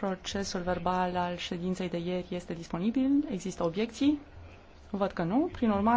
Procesul verbal al ședinței de ieri este disponibil. Există obiecții? Văd că nu. Prin urmare,